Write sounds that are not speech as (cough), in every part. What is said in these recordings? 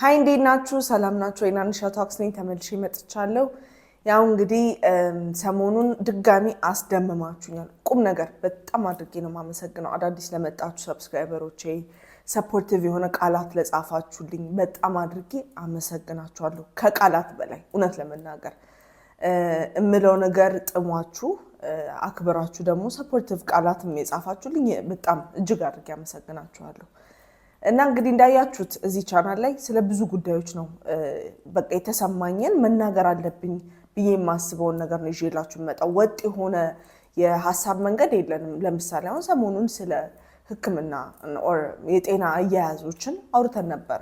ሀይ እንዴት ናችሁ? ሰላም ናችሁ? የናንሻ ታክስ ነኝ። ተመልሼ መጥቻለሁ። ያው እንግዲህ ሰሞኑን ድጋሚ አስደምማችሁኛል። ቁም ነገር በጣም አድርጌ ነው የማመሰግነው። አዳዲስ ለመጣችሁ ሰብስክራይበሮቼ፣ ሰፖርቲቭ የሆነ ቃላት ለጻፋችሁልኝ በጣም አድርጌ አመሰግናችኋለሁ። ከቃላት በላይ እውነት ለመናገር እምለው ነገር ጥሟችሁ አክብራችሁ ደግሞ ሰፖርቲቭ ቃላት የጻፋችሁልኝ በጣም እጅግ አድርጌ አመሰግናችኋለሁ። እና እንግዲህ እንዳያችሁት እዚህ ቻናል ላይ ስለ ብዙ ጉዳዮች ነው በቃ የተሰማኝን መናገር አለብኝ ብዬ የማስበውን ነገር ነው ይዤላችሁ መጣው። ወጥ የሆነ የሀሳብ መንገድ የለንም። ለምሳሌ አሁን ሰሞኑን ስለ ሕክምና የጤና አያያዞችን አውርተን ነበር።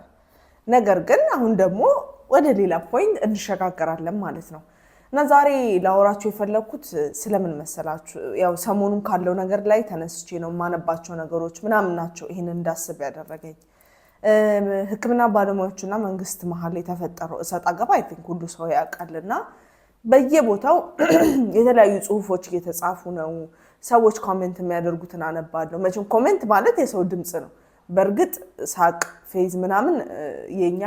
ነገር ግን አሁን ደግሞ ወደ ሌላ ፖይንት እንሸጋገራለን ማለት ነው። እና ዛሬ ላወራችሁ የፈለግኩት ስለምን መሰላችሁ፣ ያው ሰሞኑን ካለው ነገር ላይ ተነስቼ ነው የማነባቸው ነገሮች ምናምን ናቸው ይህን እንዳስብ ያደረገኝ። ሕክምና ባለሙያዎችና መንግስት መሀል የተፈጠረው እሰጥ አገባ አይ ቲንክ ሁሉ ሰው ያውቃልና በየቦታው (clears throat) የተለያዩ ጽሁፎች እየተጻፉ ነው። ሰዎች ኮሜንት የሚያደርጉትን አነባለሁ። መቼም ኮሜንት ማለት የሰው ድምፅ ነው። በእርግጥ ሳቅ፣ ፌዝ ምናምን የኛ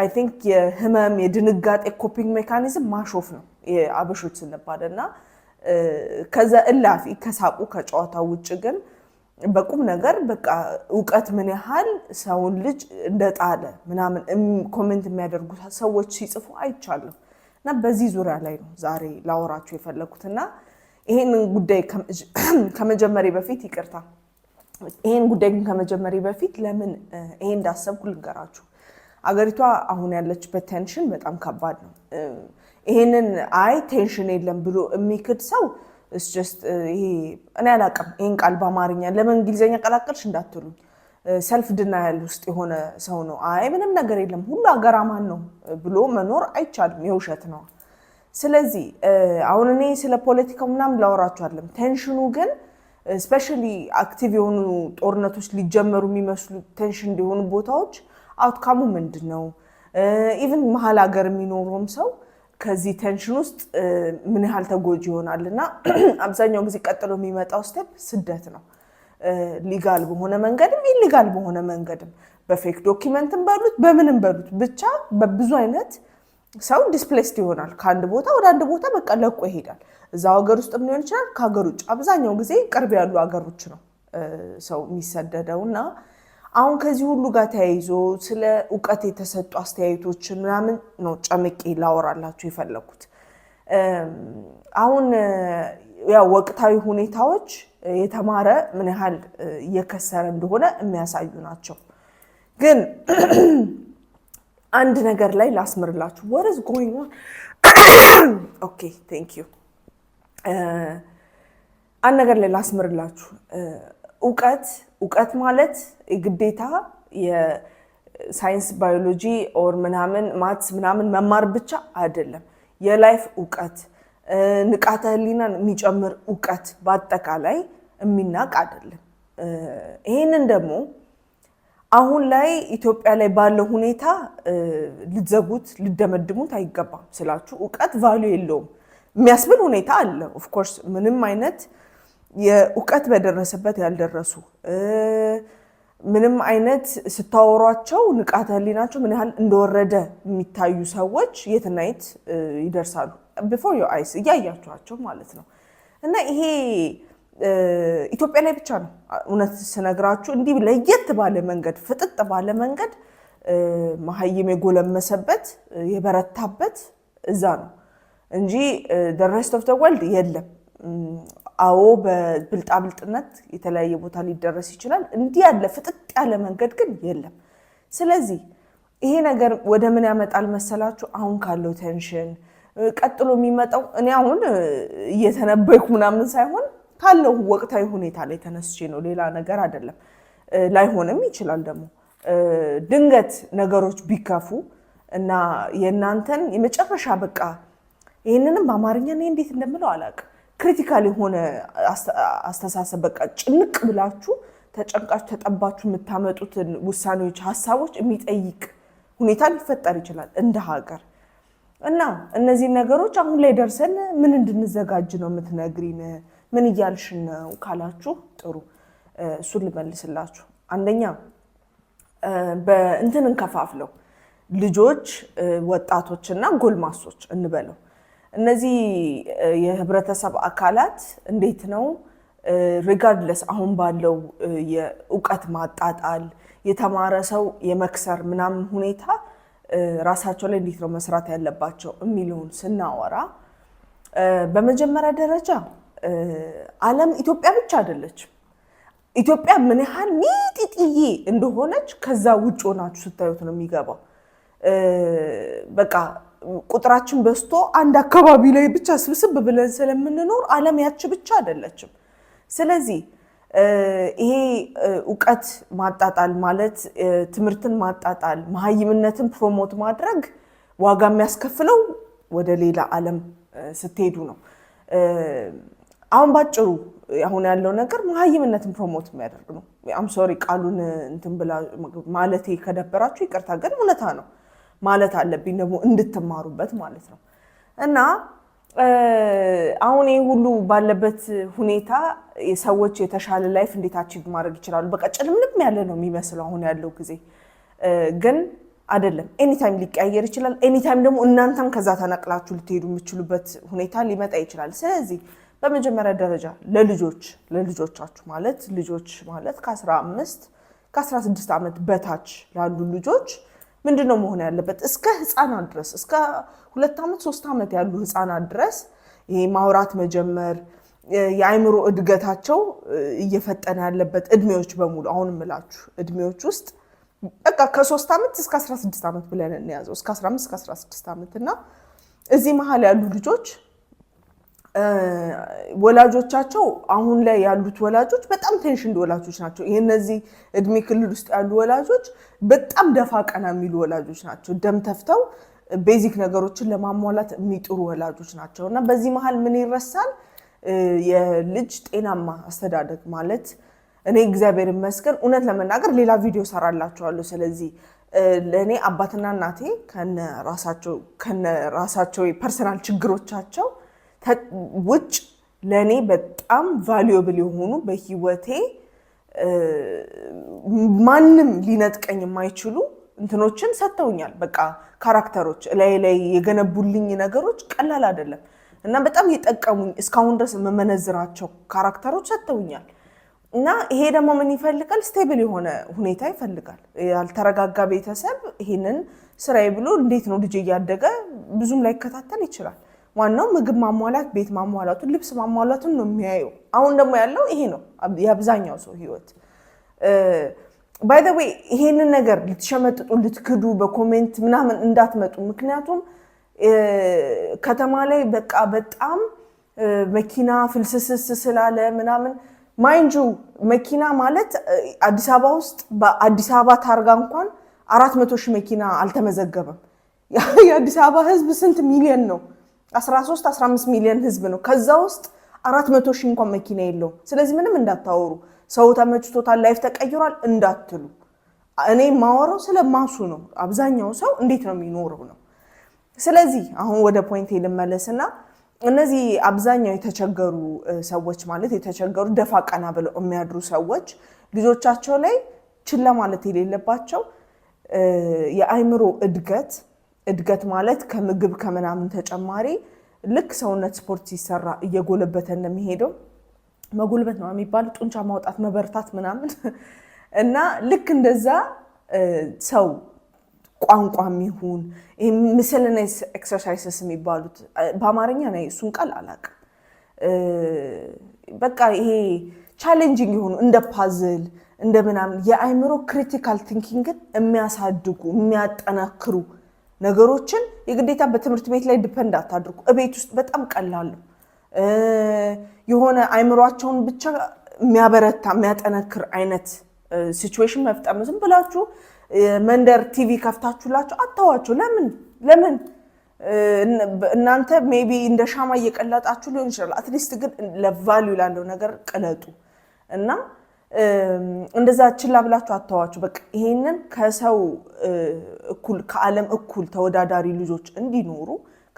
አይ ቲንክ የህመም የድንጋጤ ኮፒንግ ሜካኒዝም ማሾፍ ነው የአበሾች ስንባል እና ከዛ እላፊ ከሳቁ ከጨዋታ ውጭ ግን በቁም ነገር በቃ እውቀት ምን ያህል ሰውን ልጅ እንደጣለ ምናምን ኮሜንት የሚያደርጉ ሰዎች ሲጽፉ አይቻለሁ። እና በዚህ ዙሪያ ላይ ነው ዛሬ ላወራችሁ የፈለኩት እና ይሄንን ጉዳይ (clears throat) ከመጀመሪ በፊት ይቅርታ፣ ይሄን ጉዳይ ግን ከመጀመሪ በፊት ለምን ይሄ እንዳሰብኩ ልንገራችሁ። አገሪቷ አሁን ያለችበት ቴንሽን በጣም ከባድ ነው። ይሄንን አይ ቴንሽን የለም ብሎ የሚክድ ሰው እኔ አላውቅም ይህን ቃል በአማርኛ ለምን እንግሊዝኛ ቀላቀልሽ እንዳትሉኝ፣ ሰልፍ ድናያል ውስጥ የሆነ ሰው ነው። አይ ምንም ነገር የለም ሁሉ አገር አማን ነው ብሎ መኖር አይቻልም፣ የውሸት ነው። ስለዚህ አሁን እኔ ስለ ፖለቲካው ምናምን ላወራችኋለሁ። ቴንሽኑ ግን ስፔሻሊ አክቲቭ የሆኑ ጦርነቶች ሊጀመሩ የሚመስሉ ቴንሽን እንዲሆኑ ቦታዎች አውትካሙ ምንድን ነው? ኢቨን መሀል ሀገር የሚኖረውም ሰው ከዚህ ቴንሽን ውስጥ ምን ያህል ተጎጂ ይሆናል? እና (clears throat) አብዛኛው ጊዜ ቀጥሎ የሚመጣው ስቴፕ ስደት ነው። ሊጋል በሆነ መንገድም ኢሊጋል በሆነ መንገድም በፌክ ዶኪመንትም በሉት በምንም በሉት ብቻ በብዙ አይነት ሰው ዲስፕሌስድ ይሆናል። ከአንድ ቦታ ወደ አንድ ቦታ በቃ ለቆ ይሄዳል። እዛ ሀገር ውስጥም ሊሆን ይችላል፣ ከሀገር ውጭ። አብዛኛው ጊዜ ቅርብ ያሉ ሀገሮች ነው ሰው የሚሰደደው እና አሁን ከዚህ ሁሉ ጋር ተያይዞ ስለ እውቀት የተሰጡ አስተያየቶችን ምናምን ነው ጨምቄ ላወራላችሁ የፈለኩት። አሁን ያው ወቅታዊ ሁኔታዎች የተማረ ምን ያህል እየከሰረ እንደሆነ የሚያሳዩ ናቸው። ግን አንድ ነገር ላይ ላስምርላችሁ። ወረዝ ኦኬ ቴንክ ዩ አንድ ነገር ላይ ላስምርላችሁ። እውቀት እውቀት ማለት ግዴታ የሳይንስ ባዮሎጂ ኦር ምናምን ማትስ ምናምን መማር ብቻ አይደለም። የላይፍ እውቀት ንቃተ ህሊናን የሚጨምር እውቀት በአጠቃላይ የሚናቅ አይደለም። ይህንን ደግሞ አሁን ላይ ኢትዮጵያ ላይ ባለው ሁኔታ ልትዘጉት ልደመድሙት አይገባም ስላችሁ እውቀት ቫሉ የለውም የሚያስብል ሁኔታ አለ። ኦፍኮርስ ምንም አይነት የእውቀት በደረሰበት ያልደረሱ ምንም አይነት ስታወሯቸው ንቃተ ህሊናቸው ምን ያህል እንደወረደ የሚታዩ ሰዎች የትና የት ይደርሳሉ። ቢፎር ዮር አይስ እያያቸዋቸው ማለት ነው። እና ይሄ ኢትዮጵያ ላይ ብቻ ነው። እውነት ስነግራችሁ እንዲህ ለየት ባለ መንገድ ፍጥጥ ባለ መንገድ መሀይም የጎለመሰበት የበረታበት እዛ ነው እንጂ ደ ሬስት ኦፍ ደ ወርልድ የለም። አዎ በብልጣብልጥነት የተለያየ ቦታ ሊደረስ ይችላል። እንዲህ ያለ ፍጥጥ ያለ መንገድ ግን የለም። ስለዚህ ይሄ ነገር ወደ ምን ያመጣል መሰላችሁ? አሁን ካለው ቴንሽን ቀጥሎ የሚመጣው እኔ አሁን እየተነበይኩ ምናምን ሳይሆን ካለው ወቅታዊ ሁኔታ ላይ ተነስቼ ነው፣ ሌላ ነገር አይደለም። ላይሆንም ይችላል ደግሞ ድንገት ነገሮች ቢከፉ እና የእናንተን የመጨረሻ በቃ ይህንንም በአማርኛ እኔ እንዴት እንደምለው አላውቅም ክሪቲካል የሆነ አስተሳሰብ በቃ ጭንቅ ብላችሁ ተጨንቃችሁ ተጠባችሁ የምታመጡትን ውሳኔዎች፣ ሀሳቦች የሚጠይቅ ሁኔታ ሊፈጠር ይችላል እንደ ሀገር እና እነዚህ ነገሮች አሁን ላይ ደርሰን ምን እንድንዘጋጅ ነው የምትነግሪን? ምን እያልሽ ነው ካላችሁ፣ ጥሩ እሱን ልመልስላችሁ። አንደኛ በእንትን እንከፋፍለው ልጆች፣ ወጣቶች እና ጎልማሶች እንበለው። እነዚህ የህብረተሰብ አካላት እንዴት ነው ሪጋርድለስ አሁን ባለው የእውቀት ማጣጣል የተማረ ሰው የመክሰር ምናምን ሁኔታ ራሳቸው ላይ እንዴት ነው መስራት ያለባቸው የሚለውን ስናወራ በመጀመሪያ ደረጃ ዓለም ኢትዮጵያ ብቻ አይደለችም። ኢትዮጵያ ምን ያህል ሚጢጥዬ እንደሆነች ከዛ ውጭ ሆናችሁ ስታዩት ነው የሚገባው። በቃ ቁጥራችን በዝቶ አንድ አካባቢ ላይ ብቻ ስብስብ ብለን ስለምንኖር ዓለም ያች ብቻ አይደለችም። ስለዚህ ይሄ እውቀት ማጣጣል ማለት ትምህርትን ማጣጣል፣ መሀይምነትን ፕሮሞት ማድረግ ዋጋ የሚያስከፍለው ወደ ሌላ ዓለም ስትሄዱ ነው። አሁን ባጭሩ አሁን ያለው ነገር መሀይምነትን ፕሮሞት የሚያደርግ ነው። አም ሶሪ ቃሉን እንትን ብላ ማለቴ ከደበራችሁ ይቅርታ፣ ግን እውነታ ነው። ማለት አለብኝ ደግሞ እንድትማሩበት ማለት ነው እና አሁን ይህ ሁሉ ባለበት ሁኔታ ሰዎች የተሻለ ላይፍ እንዴት አቺቭ ማድረግ ይችላሉ? በቃ ጭልምልም ያለ ነው የሚመስለው አሁን ያለው ጊዜ ግን አይደለም። ኤኒታይም ሊቀያየር ይችላል። ኤኒታይም ደግሞ እናንተም ከዛ ተነቅላችሁ ልትሄዱ የምችሉበት ሁኔታ ሊመጣ ይችላል። ስለዚህ በመጀመሪያ ደረጃ ለልጆች ለልጆቻችሁ ማለት ልጆች ማለት ከ አምስት ከ16 ዓመት በታች ላሉ ልጆች ምንድን ነው መሆን ያለበት? እስከ ህፃናት ድረስ እስከ ሁለት ዓመት ሶስት ዓመት ያሉ ህፃናት ድረስ ይሄ ማውራት መጀመር የአይምሮ እድገታቸው እየፈጠነ ያለበት እድሜዎች በሙሉ አሁን ምላችሁ እድሜዎች ውስጥ በቃ ከሶስት ዓመት እስከ 16 ዓመት ብለን እንያዘው እስከ 15 እስከ 16 ዓመት እና እዚህ መሀል ያሉ ልጆች ወላጆቻቸው አሁን ላይ ያሉት ወላጆች በጣም ቴንሽንድ ወላጆች ናቸው። የነዚህ እድሜ ክልል ውስጥ ያሉ ወላጆች በጣም ደፋ ቀና የሚሉ ወላጆች ናቸው። ደም ተፍተው ቤዚክ ነገሮችን ለማሟላት የሚጥሩ ወላጆች ናቸው እና በዚህ መሀል ምን ይረሳል? የልጅ ጤናማ አስተዳደግ ማለት እኔ እግዚአብሔር ይመስገን እውነት ለመናገር ሌላ ቪዲዮ ሰራላችኋለሁ። ስለዚህ ለእኔ አባትና እናቴ ከነ ራሳቸው ከነ ራሳቸው ፐርሰናል ችግሮቻቸው ውጭ ለእኔ በጣም ቫሊዩብል የሆኑ በህይወቴ ማንም ሊነጥቀኝ የማይችሉ እንትኖችን ሰጥተውኛል። በቃ ካራክተሮች ላይ ላይ የገነቡልኝ ነገሮች ቀላል አይደለም እና በጣም የጠቀሙኝ እስካሁን ድረስ የምመነዝራቸው ካራክተሮች ሰጥተውኛል። እና ይሄ ደግሞ ምን ይፈልጋል? ስቴብል የሆነ ሁኔታ ይፈልጋል። ያልተረጋጋ ቤተሰብ ይሄንን ስራዬ ብሎ እንዴት ነው ልጅ እያደገ ብዙም ላይከታተል ይችላል። ዋናው ምግብ ማሟላት፣ ቤት ማሟላቱን፣ ልብስ ማሟላቱን ነው የሚያዩ። አሁን ደግሞ ያለው ይሄ ነው የአብዛኛው ሰው ህይወት። ባይ ዘ ዌይ ይሄንን ነገር ልትሸመጥጡ ልትክዱ በኮሜንት ምናምን እንዳትመጡ። ምክንያቱም ከተማ ላይ በቃ በጣም መኪና ፍልስስስ ስላለ ምናምን ማይንጁ መኪና ማለት አዲስ አበባ ውስጥ በአዲስ አበባ ታርጋ እንኳን አራት መቶ ሺህ መኪና አልተመዘገበም። የአዲስ አበባ ህዝብ ስንት ሚሊዮን ነው? 13 15 ሚሊዮን ህዝብ ነው። ከዛ ውስጥ አራት መቶ ሺህ እንኳን መኪና የለውም። ስለዚህ ምንም እንዳታወሩ፣ ሰው ተመችቶታል፣ ላይፍ ተቀይሯል እንዳትሉ። እኔ የማወራው ስለ ማሱ ነው። አብዛኛው ሰው እንዴት ነው የሚኖረው ነው። ስለዚህ አሁን ወደ ፖይንት ልመለስና እነዚህ አብዛኛው የተቸገሩ ሰዎች ማለት የተቸገሩ ደፋ ቀና ብለው የሚያድሩ ሰዎች ልጆቻቸው ላይ ችላ ማለት የሌለባቸው የአይምሮ እድገት እድገት ማለት ከምግብ ከምናምን ተጨማሪ ልክ ሰውነት ስፖርት ሲሰራ እየጎለበተ እንደሚሄደው መጎልበት ነው የሚባል ጡንቻ ማውጣት መበርታት ምናምን (laughs) እና ልክ እንደዛ ሰው ቋንቋ የሚሆን ምስልና ኤክሰርሳይስስ የሚባሉት በአማርኛ ነ እሱን ቃል አላቅም። በቃ ይሄ ቻሌንጂንግ የሆኑ እንደ ፓዝል እንደ ምናምን ክሪቲካል ቲንኪንግን የሚያሳድጉ የሚያጠናክሩ ነገሮችን የግዴታ በትምህርት ቤት ላይ ዲፐንድ አታድርጉ። እቤት ውስጥ በጣም ቀላሉ የሆነ አይምሯቸውን ብቻ የሚያበረታ የሚያጠነክር አይነት ሲዌሽን መፍጠር ነው። ዝም ብላችሁ መንደር ቲቪ ከፍታችሁላቸው አታዋቸው። ለምን ለምን እናንተ ሜቢ እንደ ሻማ እየቀለጣችሁ ሊሆን ይችላል። አትሊስት ግን ለቫሊዩ ላለው ነገር ቅለጡ እና እንደዛ ችላ ብላችሁ አተዋችሁ። በቃ ይሄንን ከሰው እኩል ከዓለም እኩል ተወዳዳሪ ልጆች እንዲኖሩ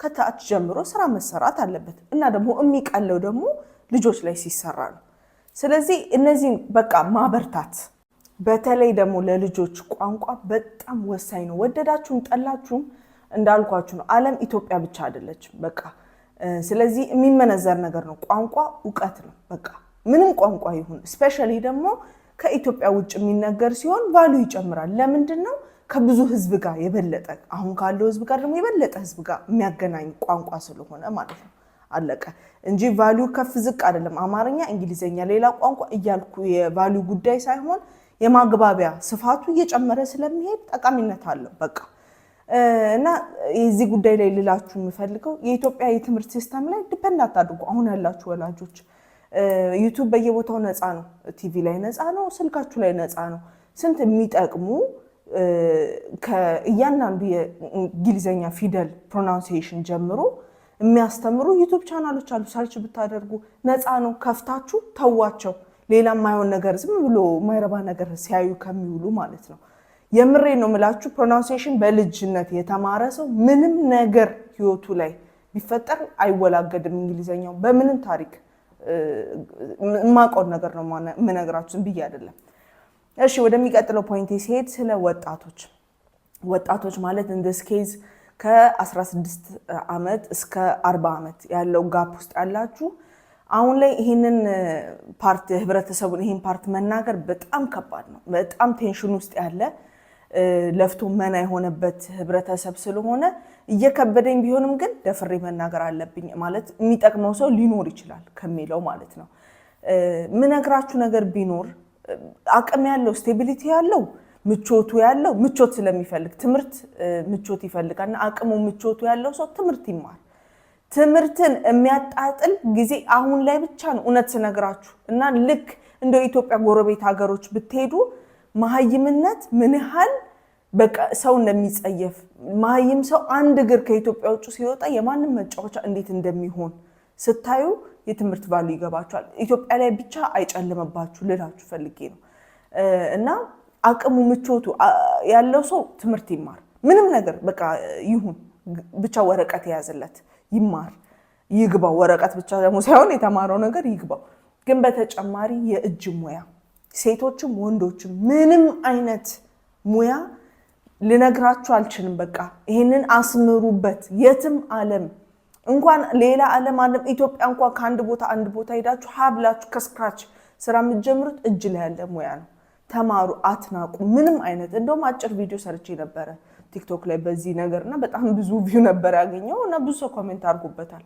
ከታች ጀምሮ ስራ መሰራት አለበት እና ደግሞ የሚቀለው ደግሞ ልጆች ላይ ሲሰራ ነው። ስለዚህ እነዚህን በቃ ማበርታት በተለይ ደግሞ ለልጆች ቋንቋ በጣም ወሳኝ ነው። ወደዳችሁም ጠላችሁም እንዳልኳችሁ ነው። ዓለም ኢትዮጵያ ብቻ አይደለችም። በቃ ስለዚህ የሚመነዘር ነገር ነው። ቋንቋ እውቀት ነው። በቃ ምንም ቋንቋ ይሁን ስፔሻሊ ደግሞ ከኢትዮጵያ ውጭ የሚነገር ሲሆን ቫሉ ይጨምራል። ለምንድን ነው? ከብዙ ህዝብ ጋር የበለጠ አሁን ካለው ህዝብ ጋር ደግሞ የበለጠ ህዝብ ጋር የሚያገናኝ ቋንቋ ስለሆነ ማለት ነው። አለቀ እንጂ ቫሉ ከፍ ዝቅ አይደለም። አማርኛ፣ እንግሊዝኛ፣ ሌላ ቋንቋ እያልኩ የቫሉ ጉዳይ ሳይሆን የማግባቢያ ስፋቱ እየጨመረ ስለሚሄድ ጠቃሚነት አለው። በቃ እና የዚህ ጉዳይ ላይ ልላችሁ የምፈልገው የኢትዮጵያ የትምህርት ሲስተም ላይ ዲፐንድ አታድርጉ አሁን ያላችሁ ወላጆች ዩቱብ በየቦታው ነፃ ነው። ቲቪ ላይ ነፃ ነው። ስልካችሁ ላይ ነፃ ነው። ስንት የሚጠቅሙ ከእያንዳንዱ የእንግሊዝኛ ፊደል ፕሮናንሴሽን ጀምሮ የሚያስተምሩ ዩቱብ ቻናሎች አሉ። ሰርች ብታደርጉ ነፃ ነው። ከፍታችሁ ተዋቸው። ሌላ ማይሆን ነገር ዝም ብሎ ማይረባ ነገር ሲያዩ ከሚውሉ ማለት ነው። የምሬ ነው የምላችሁ። ፕሮናንሴሽን በልጅነት የተማረ ሰው ምንም ነገር ህይወቱ ላይ ቢፈጠር አይወላገድም። እንግሊዝኛው በምንም ታሪክ የማውቀውን ነገር ነው የምነግራችሁ ብዬ አይደለም። እሺ ወደሚቀጥለው ፖይንት ሲሄድ ስለ ወጣቶች ወጣቶች ማለት እንደስ ኬዝ ከ16 ዓመት እስከ 40 ዓመት ያለው ጋፕ ውስጥ ያላችሁ አሁን ላይ ይህንን ፓርት ህብረተሰቡን ይህን ፓርት መናገር በጣም ከባድ ነው። በጣም ቴንሽን ውስጥ ያለ ለፍቶ መና የሆነበት ህብረተሰብ ስለሆነ እየከበደኝ ቢሆንም ግን ደፍሬ መናገር አለብኝ ማለት የሚጠቅመው ሰው ሊኖር ይችላል ከሚለው ማለት ነው። ምነግራችሁ ነገር ቢኖር አቅም ያለው ስቴቢሊቲ ያለው ምቾቱ ያለው ምቾት ስለሚፈልግ ትምህርት ምቾት ይፈልጋል እና አቅሙ ምቾቱ ያለው ሰው ትምህርት ይማር። ትምህርትን የሚያጣጥል ጊዜ አሁን ላይ ብቻ ነው። እውነት ስነግራችሁ እና ልክ እንደ ኢትዮጵያ ጎረቤት ሀገሮች ብትሄዱ መሀይምነት ምን ያህል ሰው እንደሚጸየፍ መሀይም ሰው አንድ እግር ከኢትዮጵያ ውጭ ሲወጣ የማንም መጫወቻ እንዴት እንደሚሆን ስታዩ የትምህርት ባሉ ይገባችኋል። ኢትዮጵያ ላይ ብቻ አይጨልምባችሁ ልላችሁ ፈልጌ ነው። እና አቅሙ ምቾቱ ያለው ሰው ትምህርት ይማር፣ ምንም ነገር በቃ ይሁን፣ ብቻ ወረቀት የያዝለት ይማር፣ ይግባው። ወረቀት ብቻ ደግሞ ሳይሆን የተማረው ነገር ይግባው። ግን በተጨማሪ የእጅ ሙያ ሴቶችም ወንዶችም ምንም አይነት ሙያ ልነግራችሁ አልችልም። በቃ ይህንን አስምሩበት። የትም ዓለም እንኳን ሌላ ዓለም ዓለም ኢትዮጵያ እንኳን ከአንድ ቦታ አንድ ቦታ ሄዳችሁ ሀብላችሁ ከስክራች ስራ የምትጀምሩት እጅ ላይ ያለ ሙያ ነው። ተማሩ፣ አትናቁ። ምንም አይነት እንደውም አጭር ቪዲዮ ሰርቼ ነበረ ቲክቶክ ላይ በዚህ ነገር እና በጣም ብዙ ቪው ነበር ያገኘው እና ብዙ ሰው ኮሜንት አድርጎበታል።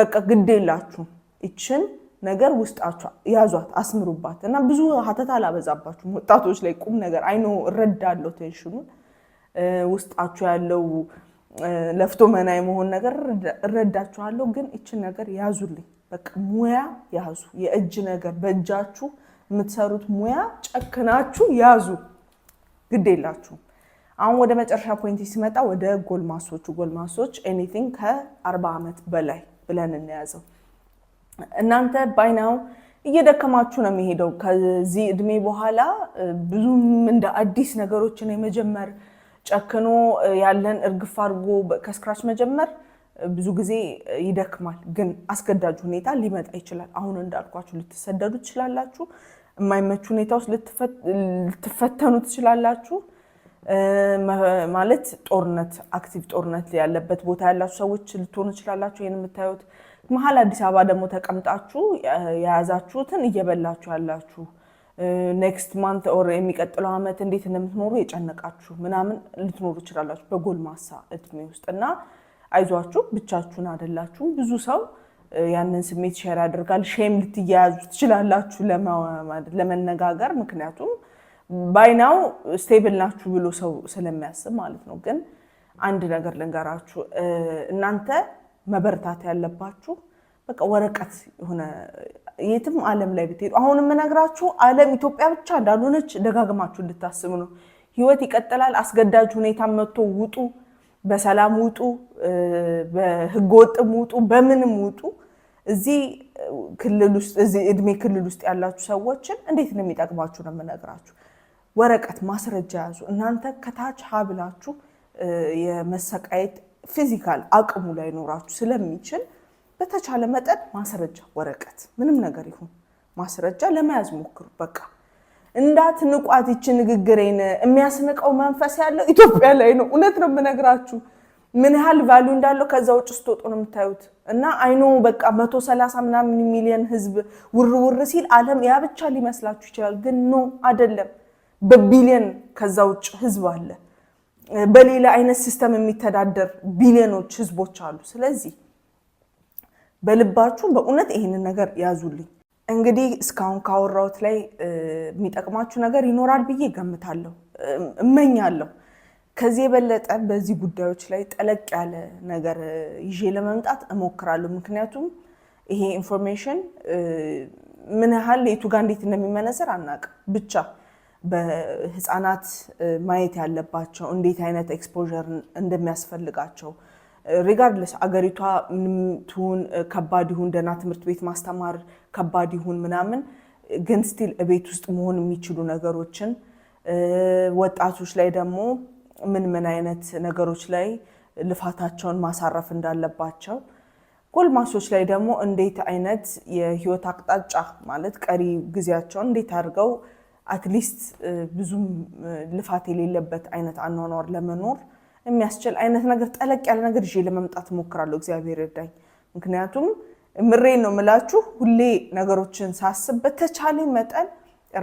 በቃ ግድ የላችሁ ይችን ነገር ውስጣችሁ ያዟት፣ አስምሩባት እና ብዙ ሀተት አላበዛባችሁም። ወጣቶች ላይ ቁም ነገር አይኖ እረዳለሁ። ቴንሽኑን ውስጣችሁ ያለው ለፍቶ መና የመሆን ነገር እረዳችኋለሁ፣ ግን ይችን ነገር ያዙልኝ። በቃ ሙያ ያዙ፣ የእጅ ነገር በእጃችሁ የምትሰሩት ሙያ ጨክናችሁ ያዙ። ግድ የላችሁም። አሁን ወደ መጨረሻ ፖይንት ሲመጣ ወደ ጎልማሶቹ ጎልማሶች ኤኒቲንግ ከአርባ ዓመት በላይ ብለን እናያዘው እናንተ ባይናው እየደከማችሁ ነው የሚሄደው። ከዚህ እድሜ በኋላ ብዙም እንደ አዲስ ነገሮችን የመጀመር ጨክኖ ያለን እርግፍ አድርጎ ከስክራች መጀመር ብዙ ጊዜ ይደክማል። ግን አስገዳጅ ሁኔታ ሊመጣ ይችላል። አሁን እንዳልኳችሁ ልትሰደዱ ትችላላችሁ። የማይመች ሁኔታ ውስጥ ልትፈተኑ ትችላላችሁ። ማለት ጦርነት፣ አክቲቭ ጦርነት ያለበት ቦታ ያላችሁ ሰዎች ልትሆኑ ትችላላችሁ። ይህን የምታዩት መሀል አዲስ አበባ ደግሞ ተቀምጣችሁ የያዛችሁትን እየበላችሁ ያላችሁ ኔክስት ማንት ኦር የሚቀጥለው ዓመት እንዴት እንደምትኖሩ የጨነቃችሁ ምናምን ልትኖሩ ይችላላችሁ በጎልማሳ እድሜ ውስጥ እና አይዟችሁ፣ ብቻችሁን አይደላችሁም። ብዙ ሰው ያንን ስሜት ሼር ያደርጋል። ሼም ልትያያዙ ትችላላችሁ ለመነጋገር፣ ምክንያቱም ባይናው ስቴብል ናችሁ ብሎ ሰው ስለሚያስብ ማለት ነው። ግን አንድ ነገር ልንገራችሁ እናንተ መበርታት ያለባችሁ በቃ ወረቀት የሆነ የትም ዓለም ላይ ብትሄዱ አሁን የምነግራችሁ ዓለም ኢትዮጵያ ብቻ እንዳልሆነች ደጋግማችሁ እንድታስቡ ነው። ህይወት ይቀጥላል። አስገዳጅ ሁኔታ መጥቶ ውጡ፣ በሰላም ውጡ፣ በህገወጥም ውጡ፣ በምንም ውጡ። እዚህ ክልል ውስጥ እዚህ እድሜ ክልል ውስጥ ያላችሁ ሰዎችን እንዴት ነው የሚጠቅማችሁ ነው የምነግራችሁ። ወረቀት ማስረጃ ያዙ። እናንተ ከታች ሀብላችሁ የመሰቃየት ፊዚካል አቅሙ ላይኖራችሁ ስለሚችል በተቻለ መጠን ማስረጃ ወረቀት፣ ምንም ነገር ይሁን ማስረጃ ለመያዝ ሞክሩ። በቃ እንዳትንቋት ይቺ ንግግሬን። የሚያስንቀው መንፈስ ያለው ኢትዮጵያ ላይ ነው። እውነት ነው የምነግራችሁ ምን ያህል ቫሉ እንዳለው ከዛ ውጭ ስትወጡ ነው የምታዩት። እና አይኖ በቃ መቶ ሰላሳ ምናምን ሚሊዮን ህዝብ ውርውር ሲል አለም ያ ብቻ ሊመስላችሁ ይችላል፣ ግን ኖ አይደለም። በቢሊዮን ከዛ ውጭ ህዝብ አለ። በሌላ አይነት ሲስተም የሚተዳደር ቢሊዮኖች ህዝቦች አሉ። ስለዚህ በልባችሁ በእውነት ይህንን ነገር ያዙልኝ። እንግዲህ እስካሁን ካወራሁት ላይ የሚጠቅማችሁ ነገር ይኖራል ብዬ ገምታለሁ፣ እመኛለሁ። ከዚህ የበለጠ በዚህ ጉዳዮች ላይ ጠለቅ ያለ ነገር ይዤ ለመምጣት እሞክራለሁ። ምክንያቱም ይሄ ኢንፎርሜሽን ምን ያህል የቱ ጋር እንዴት እንደሚመነዘር አናውቅም ብቻ በህፃናት ማየት ያለባቸው እንዴት አይነት ኤክስፖዠር እንደሚያስፈልጋቸው ሪጋርድለስ አገሪቷ ምንም ትሁን ከባድ ይሁን ደህና ትምህርት ቤት ማስተማር ከባድ ይሁን ምናምን ግን ስቲል እቤት ውስጥ መሆን የሚችሉ ነገሮችን ወጣቶች ላይ ደግሞ ምን ምን አይነት ነገሮች ላይ ልፋታቸውን ማሳረፍ እንዳለባቸው ጎልማሶች ላይ ደግሞ እንዴት አይነት የህይወት አቅጣጫ ማለት ቀሪ ጊዜያቸውን እንዴት አድርገው አትሊስት ብዙም ልፋት የሌለበት አይነት አኗኗር ለመኖር የሚያስችል አይነት ነገር ጠለቅ ያለ ነገር ይዤ ለመምጣት እሞክራለሁ። እግዚአብሔር ይርዳኝ። ምክንያቱም ምሬን ነው የምላችሁ፣ ሁሌ ነገሮችን ሳስብ በተቻለ መጠን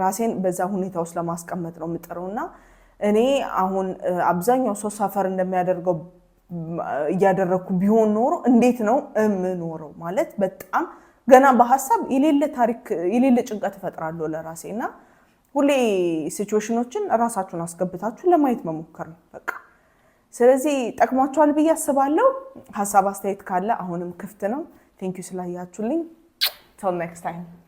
ራሴን በዛ ሁኔታ ውስጥ ለማስቀመጥ ነው የምጥረው እና እኔ አሁን አብዛኛው ሰው ሰፈር እንደሚያደርገው እያደረግኩ ቢሆን ኖሮ እንዴት ነው እምኖረው ማለት በጣም ገና በሀሳብ የሌለ ታሪክ የሌለ ጭንቀት እፈጥራለሁ ለራሴ እና ሁሌ ሲቹዌሽኖችን ራሳችሁን አስገብታችሁ ለማየት መሞከር ነው በቃ። ስለዚህ ጠቅሟቸዋል ብዬ አስባለሁ። ሀሳብ አስተያየት ካለ አሁንም ክፍት ነው። ቴንኪዩ ስላያችሁልኝ ቲል ኔክስት ታይም